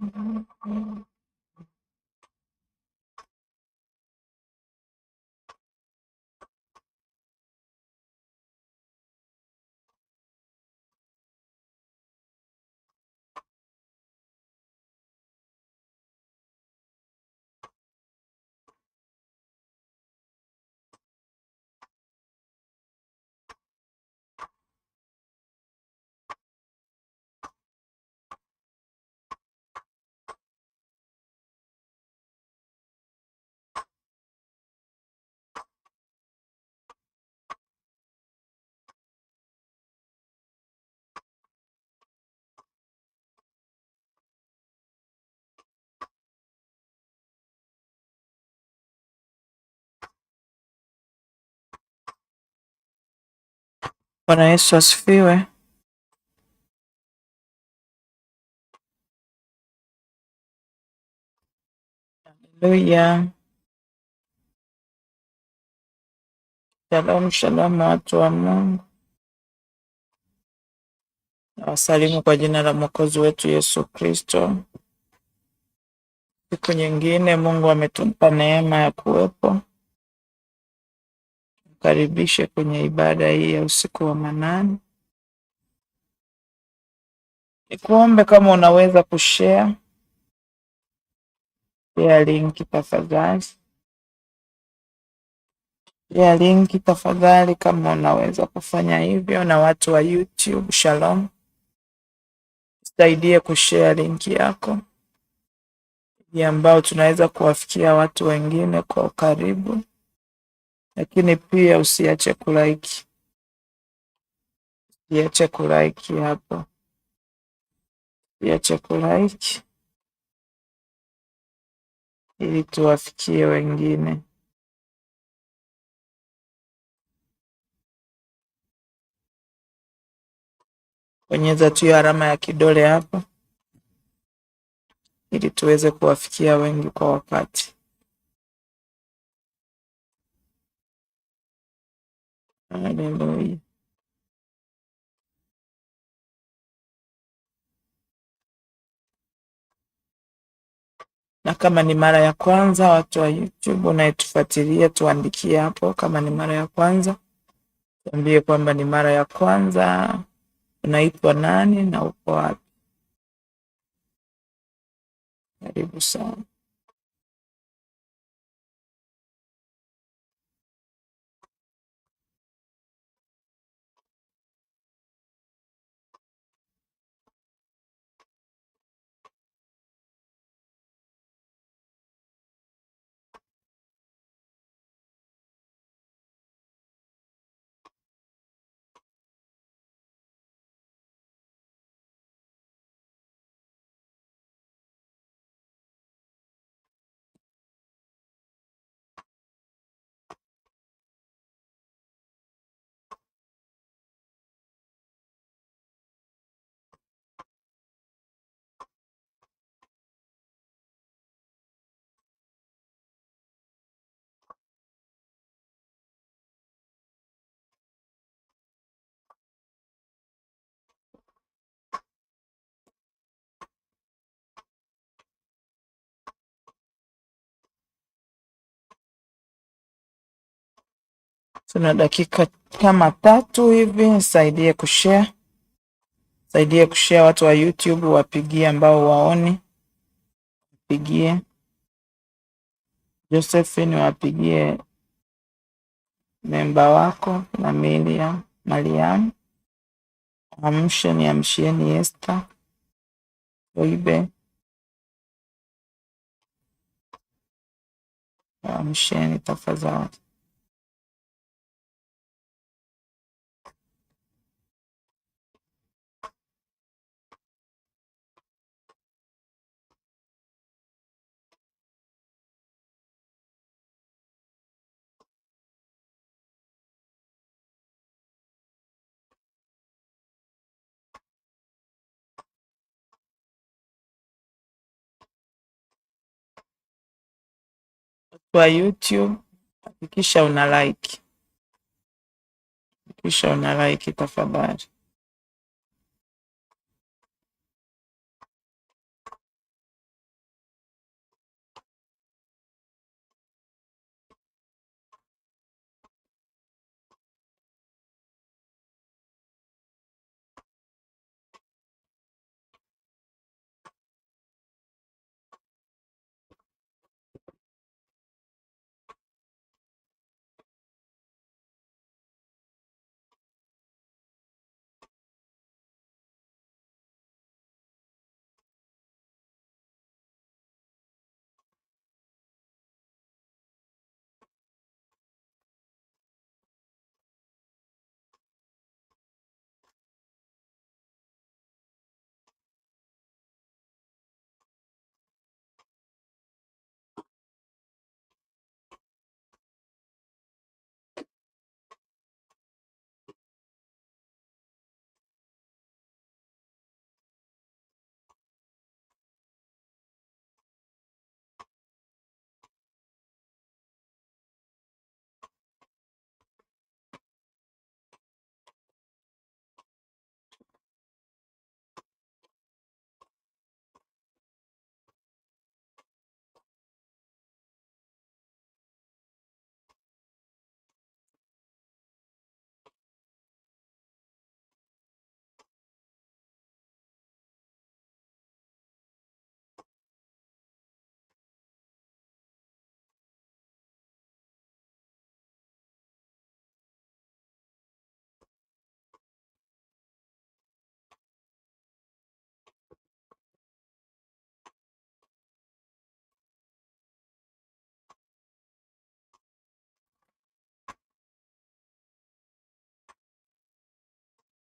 Thank you. Bwana Yesu asifiwe. Haleluya. Shalom, shalom watu wa Mungu. Nawasalimu kwa jina la Mwokozi wetu Yesu Kristo. Siku nyingine Mungu ametupa neema ya kuwepo kukaribisha kwenye ibada hii ya usiku wa manane. Nikuombe kama unaweza kushare ya linki tafadhali, ya linki tafadhali, kama unaweza kufanya hivyo. Na watu wa YouTube, shalom, saidie kushare linki yako ambao tunaweza kuwafikia watu wengine kwa ukaribu lakini pia usiache kulike, usiache kulike hapo, usiache kulike ili tuwafikie wengine. Bonyeza tu hiyo alama ya kidole hapo, ili tuweze kuwafikia wengi kwa wakati. Hallelujah. Na kama ni mara ya kwanza, watu wa YouTube unayetufuatilia, tuandikie hapo kama ni mara ya kwanza, tuambie kwamba ni mara ya kwanza, unaitwa nani na uko wapi? Karibu sana. Tuna dakika kama tatu hivi, nisaidie kushare, saidie kushare watu wa YouTube wapigie, ambao waoni wapigie. Josephine wapigie memba wako na Milia Mariamu, amsheni amshieni Esther Oibe, amsheni tafadhali. wa YouTube, hakikisha una like, hakikisha una like tafadhali.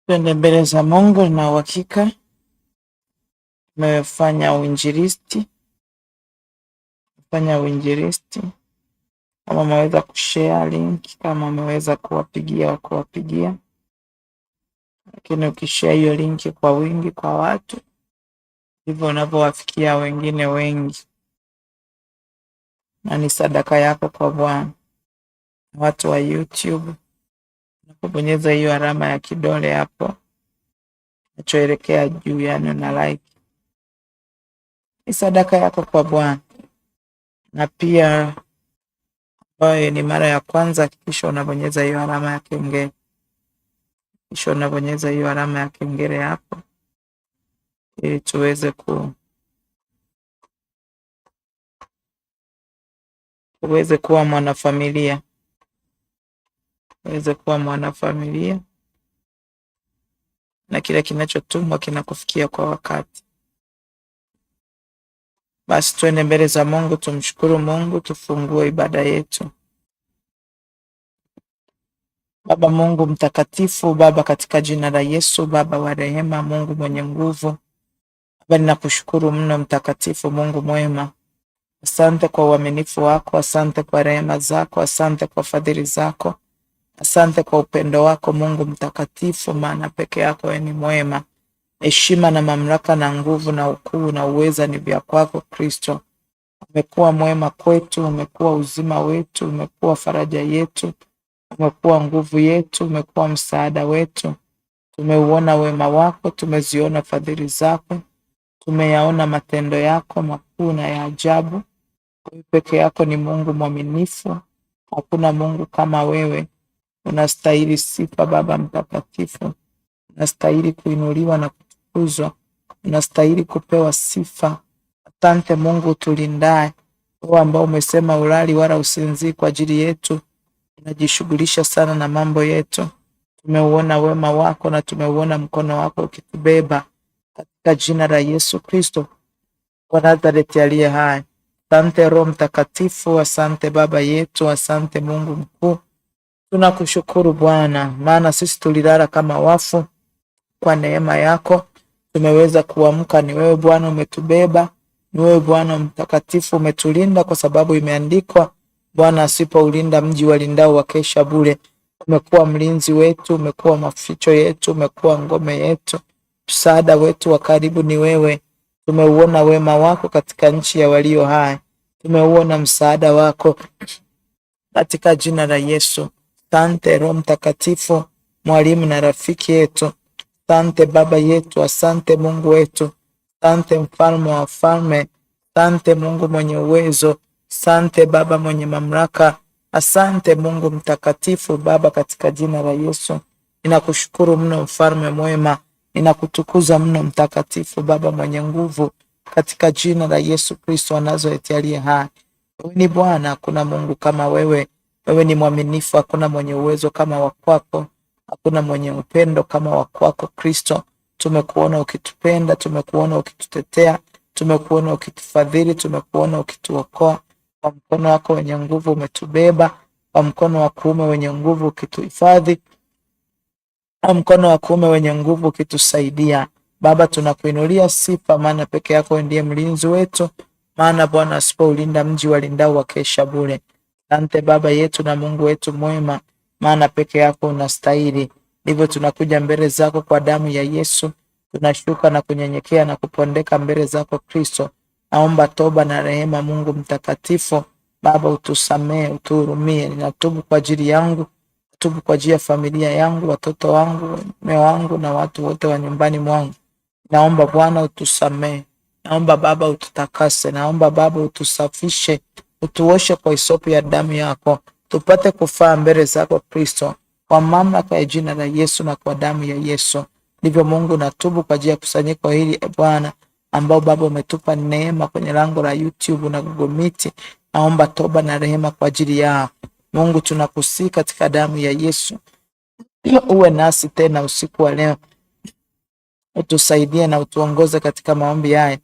Twende mbele za Mungu na uhakika tumefanya uinjilisti, fanya uinjilisti. Kama umeweza kushare link, kama umeweza kuwapigia kuwapigia, lakini ukishare hiyo linki kwa wingi kwa watu, hivyo unavyowafikia wengine wengi, na ni sadaka yako kwa Bwana. Watu wa YouTube Tabonyeza hiyo alama ya kidole hapo inachoelekea juu, yani una like. Ni sadaka yako kwa Bwana. Na pia ambayo ni mara ya kwanza, hakikisha unabonyeza hiyo alama ya kengele, kisha unabonyeza hiyo alama ya kengele hapo ili tuweze ku uweze kuwa mwanafamilia uweze kuwa mwanafamilia na kila kinachotumwa kinakufikia kwa wakati. Basi tuende mbele za Mungu, tumshukuru Mungu, tufungue ibada yetu. Baba Mungu mtakatifu, Baba katika jina la Yesu, Baba wa rehema, Mungu mwenye nguvu, Baba ninakushukuru mno, mtakatifu, Mungu mwema. Asante kwa uaminifu wako, asante kwa rehema zako, asante kwa fadhili zako Asante kwa upendo wako Mungu mtakatifu, maana peke yako wewe ni mwema. Heshima na mamlaka na nguvu na ukuu na uweza ni vya kwako Kristo. Umekuwa mwema kwetu, umekuwa uzima wetu, umekuwa faraja yetu, umekuwa nguvu yetu, umekuwa msaada wetu. Tumeuona wema wako, tumeziona fadhili zako, tumeyaona matendo yako makuu na ya ajabu. Wewe peke yako ni Mungu mwaminifu, hakuna Mungu kama wewe. Unastahili sifa Baba Mtakatifu, unastahili kuinuliwa na kutukuzwa, unastahili kupewa sifa. Asante Mungu tulindaye wewe ambao umesema ulali wala usinzii kwa ajili yetu. Unajishughulisha sana na mambo yetu. Tumeuona wema wako na tumeuona mkono wako ukitubeba, katika jina la Yesu Kristo wa Nazareti aliye hai. Asante Roho Mtakatifu, asante Baba yetu, asante Mungu mkuu. Tunakushukuru Bwana, maana sisi tulilala kama wafu, kwa neema yako tumeweza kuamka. Ni wewe Bwana umetubeba, ni wewe Bwana mtakatifu umetulinda, kwa sababu imeandikwa, Bwana asipoulinda mji walindao wakesha bure. Umekuwa mlinzi wetu, umekuwa maficho yetu, umekuwa ngome yetu, msaada wetu wa karibu ni wewe. Tumeuona wema wako katika nchi ya walio hai, tumeuona msaada wako katika jina la Yesu sante Roho Mtakatifu, mwalimu na rafiki yetu. sante Baba yetu, asante Mungu wetu, sante mfalme wa wafalme, sante Mungu mwenye uwezo, sante Baba mwenye mamlaka, asante Mungu mtakatifu. Baba, katika jina la Yesu ninakushukuru mno, mfalme mwema, ninakutukuza mno, mtakatifu, Baba mwenye nguvu, katika jina la Yesu Kristo wa Nazareti hai. Wewe ni Bwana, kuna Mungu kama wewe. Wewe ni mwaminifu, hakuna mwenye uwezo kama wakwako, hakuna mwenye upendo kama wakwako. Kristo. Tumekuona ukitupenda, tumekuona ukitutetea, tumekuona ukitufadhili, tumekuona ukituokoa. Kwa mkono wako wenye nguvu umetubeba, kwa mkono wa kuume wenye nguvu ukituhifadhi, kwa mkono wa kuume wenye nguvu ukitusaidia. Baba, tunakuinulia sifa, maana peke yako ndiye mlinzi wetu, maana Bwana asipoulinda mji walindao wakesha bure. Asante Baba yetu na Mungu wetu mwema, maana peke yako unastahili. Hivyo tunakuja mbele zako kwa damu ya Yesu, tunashuka na kunyenyekea na kupondeka mbele zako Kristo. Naomba toba na rehema, Mungu mtakatifu. Baba, utusamee, utuhurumie. Ninatubu kwa ajili yangu, tubu kwa ajili ya familia yangu, watoto wangu, mume wangu na watu wote wa nyumbani mwangu. Naomba Bwana utusamee, naomba Baba ututakase, naomba Baba utusafishe utuoshe kwa hisopo ya damu yako, tupate kufaa mbele zako Kristo, kwa mamlaka ya jina la Yesu na kwa damu ya Yesu. Ndivyo Mungu, natubu kwa ajili ya kusanyiko hili e Bwana, ambao Baba umetupa neema kwenye lango la YouTube na Google Meet. Naomba toba na rehema kwa ajili yao Mungu, tunakusii katika damu ya Yesu, uwe nasi tena usiku wa leo, utusaidie na utuongoze katika maombi haya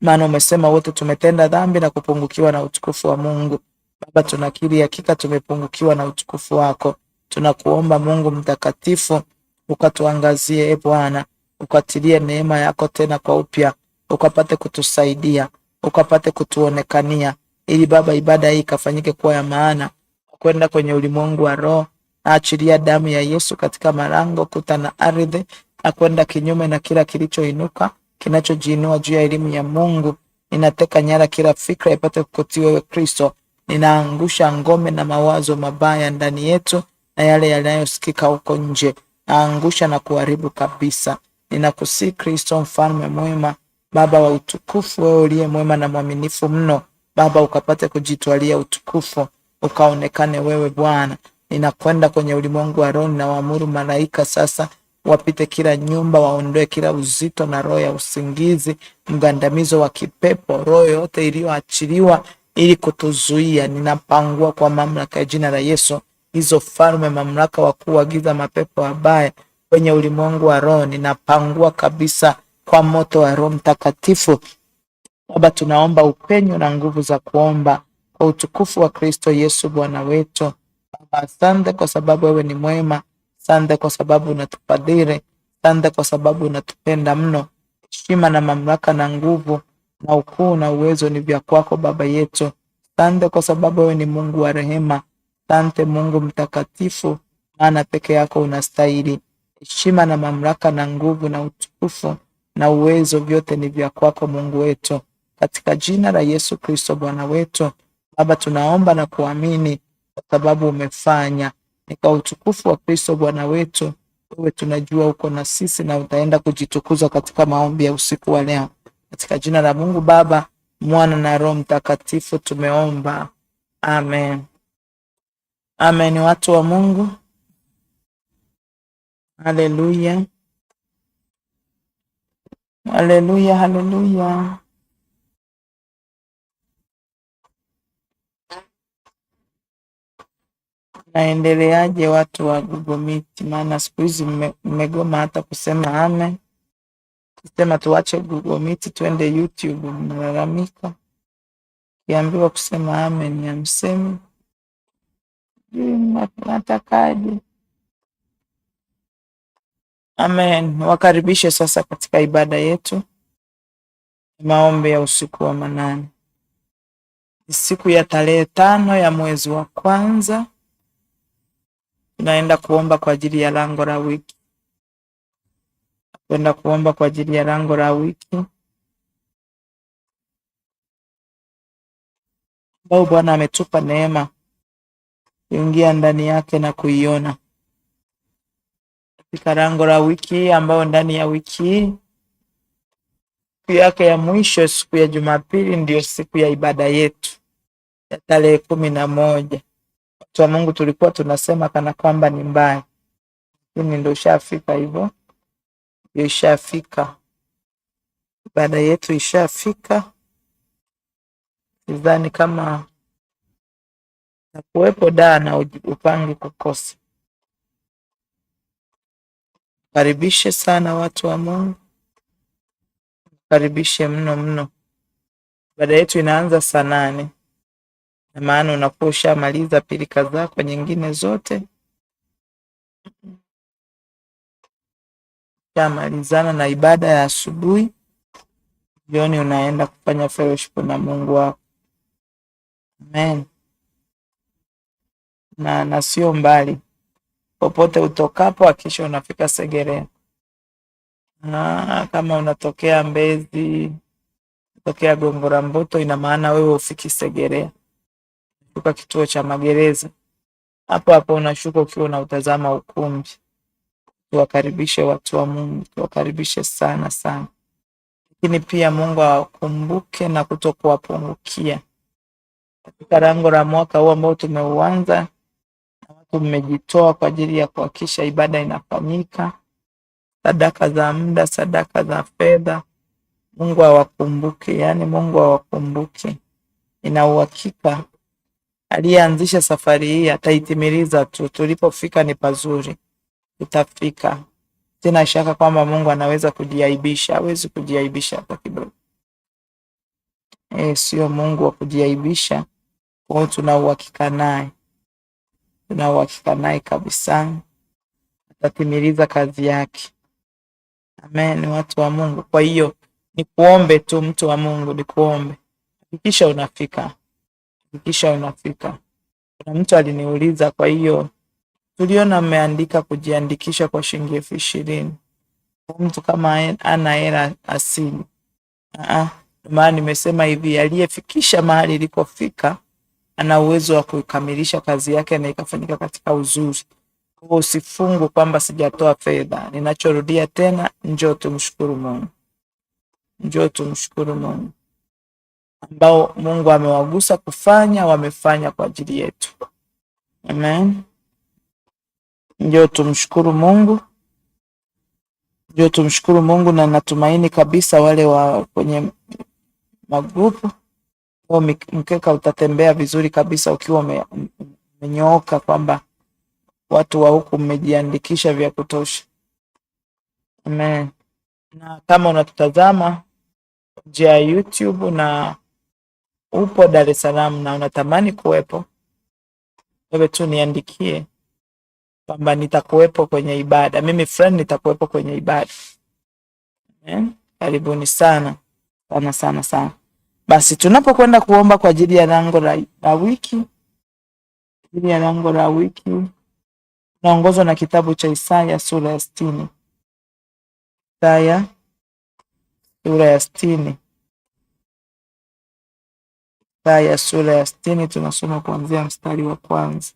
maana umesema wote tumetenda dhambi na kupungukiwa na utukufu wa Mungu. Baba, tunakiri hakika tumepungukiwa na utukufu wako. Tunakuomba Mungu mtakatifu, ukatuangazie e Bwana, ukatilie neema yako tena kwa upya, ukapate kutusaidia, ukapate kutuonekania, ili Baba, ibada hii ikafanyike kuwa ya maana, kwenda kwenye ulimwengu wa roho. Naachilia damu ya Yesu katika malango, kuta na ardhi, na kwenda kinyume na kila kilichoinuka kinachojiinua juu ya elimu ya Mungu. Ninateka nyara kila fikra ipate kukutii wewe Kristo. Ninaangusha ngome na mawazo mabaya ndani yetu na yale yanayosikika huko nje, naangusha na kuharibu kabisa. Ninakusii Kristo, mfalme mwema, Baba wa utukufu, wewe uliye mwema na mwaminifu mno, Baba ukapate kujitwalia utukufu, ukaonekane wewe Bwana. Ninakwenda kwenye ulimwengu wa roho, ninawaamuru malaika sasa wapite kila nyumba, waondoe kila uzito na roho ya usingizi, mgandamizo wa kipepo, roho yote iliyoachiliwa ili kutuzuia, ninapangua kwa mamlaka ya jina la Yesu hizo falme, mamlaka, wakuu wa giza, mapepo wabaya kwenye ulimwengu wa roho, ninapangua kabisa kwa moto wa Roho Mtakatifu. Baba, tunaomba upenyo na nguvu za kuomba kwa utukufu wa Kristo Yesu Bwana wetu. Baba, asante kwa sababu wewe ni mwema Sante kwa sababu unatufadhili. Sante kwa sababu unatupenda mno. Heshima na mamlaka na nguvu na ukuu na uwezo ni vya kwako Baba yetu. Sante kwa sababu wewe ni Mungu wa rehema. Sante Mungu mtakatifu, maana peke yako unastahili. Heshima na mamlaka na nguvu na utukufu na uwezo, vyote ni vya kwako Mungu wetu, katika jina la Yesu Kristo Bwana wetu. Baba, tunaomba na kuamini kwa sababu umefanya ni kwa utukufu wa Kristo Bwana wetu. Wewe tunajua uko na sisi na utaenda kujitukuza katika maombi ya usiku wa leo. Katika jina la Mungu Baba, Mwana na Roho Mtakatifu tumeomba, amen. Amen, watu wa Mungu, haleluya, haleluya, haleluya. naendeleaje watu wa Google Meet? Maana siku hizi mme- mmegoma hata kusema amen, kusema tuache Google Meet tuende YouTube, mnalalamika. Kiambiwa kusema amen hamsemi, sijui mna- Amen. Wakaribishe sasa katika ibada yetu maombi ya usiku wa manane, siku ya tarehe tano ya mwezi wa kwanza tunaenda kuomba kwa ajili ya lango la wiki. Tunaenda kuomba kwa ajili ya lango la wiki ambao Bwana ametupa neema kuingia ndani yake na kuiona katika lango la wiki, ambayo ndani ya wiki hii siku yake ya mwisho, siku ya Jumapili, ndiyo siku ya ibada yetu ya tarehe kumi na moja watu wa Mungu tulikuwa tunasema kana kwamba ni mbaya, lakini ndio ishafika hivyo, ndio ishafika, ibada yetu ishafika. Sidhani kama nakuwepo daa na upangi kukosa. Karibishe sana watu wa Mungu, karibishe mno mno. Ibada yetu inaanza saa nane na maana unakuwa ushamaliza pilika zako nyingine zote, ushamalizana na ibada ya asubuhi. Jioni unaenda kufanya fellowship na Mungu wako. Amen. Na na sio mbali, popote utokapo hakisha unafika Segerea. Ah, na kama unatokea Mbezi, unatokea Gongo la Mboto, ina maana wewe ufiki Segerea kutoka kituo cha magereza. Hapo hapo unashuka ukiwa unautazama ukumbi. Tuwakaribishe watu wa Mungu, tuwakaribishe sana sana, lakini pia Mungu awakumbuke na kutokuwapungukia katika lango la mwaka huu ambao tumeuanza na watu mmejitoa kwa ajili ya kuhakikisha ibada inafanyika, sadaka za muda, sadaka za fedha. Mungu awakumbuke, yaani Mungu awakumbuke, ina uhakika Aliyeanzisha safari hii ataitimiliza tu. Tulipofika ni pazuri, utafika tena. Shaka kwamba Mungu anaweza kujiaibisha? Hawezi kujiaibisha hata kidogo. E, sio Mungu wa kujiaibisha. Kwa hiyo uhakika naye, uhakika naye kabisa, atatimiliza kazi yake. Amen, watu wa Mungu. Kwa hiyo nikuombe tu, mtu wa Mungu, nikuombe hakikisha unafika hakikisha unafika. Kuna mtu aliniuliza, kwa hiyo tuliona mmeandika kujiandikisha kwa shilingi elfu ishirini mtu kama ana hela asili. Maana nimesema hivi, aliyefikisha mahali ilikofika ana uwezo wa kukamilisha kazi yake na ikafanyika katika uzuri. Kwa hiyo usifungu kwamba sijatoa fedha. Ninachorudia tena, njoo tumshukuru Mungu, njoo tumshukuru Mungu ambao Mungu amewagusa kufanya, wamefanya kwa ajili yetu. Amen. Ndio tumshukuru Mungu, ndio tumshukuru Mungu, na natumaini kabisa wale wa kwenye magrupu huo mkeka utatembea vizuri kabisa ukiwa umenyooka, kwamba watu wa huku mmejiandikisha vya kutosha. Amen. Na kama unatutazama njia ya YouTube na upo Dar es Salaam na unatamani kuwepo, wewe tu niandikie kwamba nitakuwepo kwenye ibada, mimi friend nitakuwepo kwenye ibada eh? Karibuni sana sana sana sana. Basi tunapokwenda kuomba kwa ajili ya lango la, la wiki ajili ya lango la wiki naongozwa na kitabu cha Isaya sura ya sitini Isaya sura ya sitini ya sura ya sitini tunasoma kuanzia mstari wa kwanza.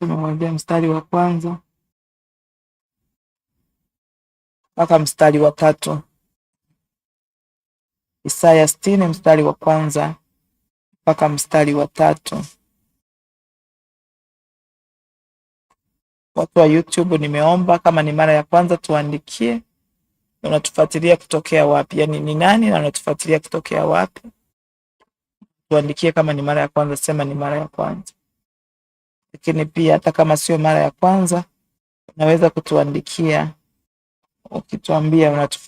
Tunaanzia mstari wa kwanza mpaka mstari wa tatu. Isaya sitini mstari wa kwanza mpaka mstari wa tatu. Watu wa YouTube nimeomba, kama ni mara ya kwanza tuandikie, unatufuatilia kutokea wapi, yani ni nani na unatufuatilia kutokea wapi. Tuandikie kama ni mara ya kwanza, sema ni mara ya kwanza. Lakini pia hata kama sio mara ya kwanza, unaweza kutuandikia ukituambia unatu